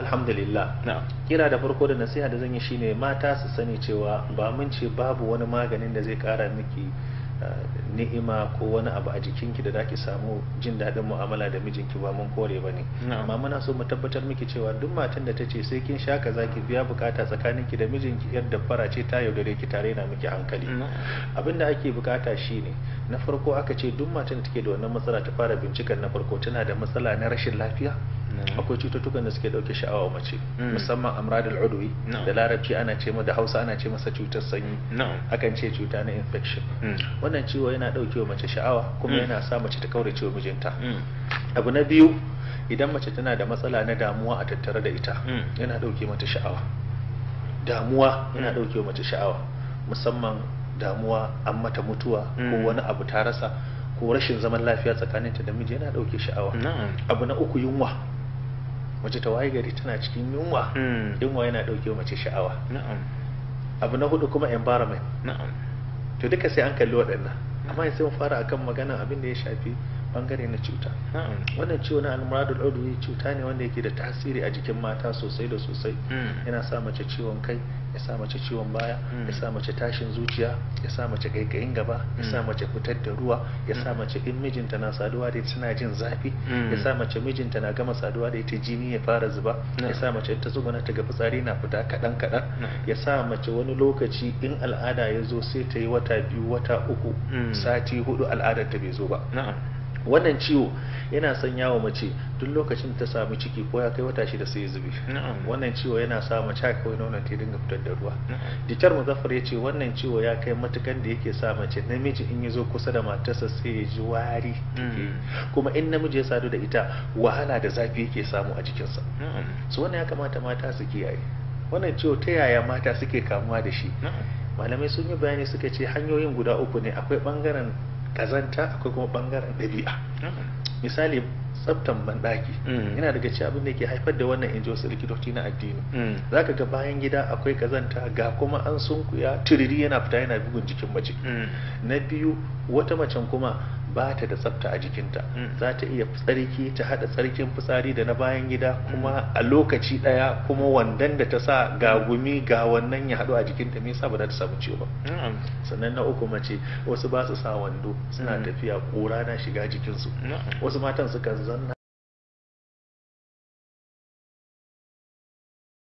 alhamdulillah kira da farko da nasiha da zan yi shine mata su sani cewa ba mun ce babu wani maganin da zai kara miki eh, ni'ima ko wani abu a jikinki da zaki samu jin daɗin mu'amala da mijinki ba mun kore ba ne amma muna so mu tabbatar miki cewa duk matan da ta ce sai kin sha kaza ki biya bukata tsakaninki da mijinki yar da fara ce ta yaudare ki tare na miki hankali abinda ake bukata shine na farko aka ce duk matan da take da wannan matsala ta fara bincikan na farko tana da matsala na rashin lafiya Hmm. akwai cututtukan da suke dauke sha'awa mace hmm. musamman amradul udwi da larabci ana ce da hausa ana ce masa cutar sanyi akan ce cuta na infection hmm. wannan ciwo yana dauke wa mace sha'awa kuma yana sa mace ta kaurace wa mijinta abu na biyu idan mace tana da matsala na damuwa a tattare da ita yana dauke mata sha'awa damuwa yana dauke mace sha'awa musamman damuwa an mata mutuwa ko wani abu ta rasa ko rashin zaman lafiya tsakaninta da miji yana dauke sha'awa abu na uku yunwa mace ta waye gari tana cikin yunwa hmm. yunwa yana ɗauke mace sha'awa abu na hudu kuma environment to duka sai an kalli waɗannan amma sai mu fara akan magana abin da ya shafi bangare na cuta wannan ciwo na almuradul udwi cuta ne wanda yake da tasiri a jikin mata sosai da sosai hmm. yana sa mace ciwon kai ya sa mace ciwon baya ya hmm. sa mace tashin zuciya ya sa mace kaikayin gaba ya sa hmm. mace fitar da ruwa ya sa mace in mijinta na saduwa da tana jin zafi ya sa mace mijinta na gama saduwa da ita jini ya fara zuba ya sa mace ta tsuguna ta ga fitsari na fita kadan kadan ya sa mace wani lokaci in al'ada ya zo sai ta yi wata biyu wata uku sati hudu al'adar ta bai zo ba wannan ciwo yana sanya wa mace duk lokacin da ta samu ciki ko ya kai wata shi da sai ya zube wannan ciwo yana sa mace kawai nonon ta dinga fitar da ruwa dichar muzaffar ya ce wannan ciwo ya kai matukan da yake sa mace namiji in ya zo kusa da matarsa sai ya ji wari mm. kuma in namiji ya sadu da ita wahala da zafi yake samu a jikinsa Su wannan ya kamata mata su kiyaye wannan ciwo ta yaya mata suke kamuwa da shi malamai sun yi bayani suka ce hanyoyin guda uku ne akwai bangaren ƙazanta akwai kuma ɓangaren ɗabi'a misali tsaftan banɗaki mm. yana daga ci abin da ke haifar da wannan inji wasu likitoci na addini mm. za ka ga bayan gida akwai kazanta ga kuma an sunkuya turiri yana fita yana bugun jikin mace mm. na biyu wata macen kuma ba ta da tsafta a jikinta za ta iya tsarki ta haɗa tsarkin fitsari da na bayan gida kuma a lokaci ɗaya kuma wandan da ta sa ga gumi ga wannan ya hadu a jikinta me yasa ba za ta samu ciwo ba sannan na uku mace wasu ba su sa wando suna tafiya ƙura na shiga jikinsu wasu matan sukan الظن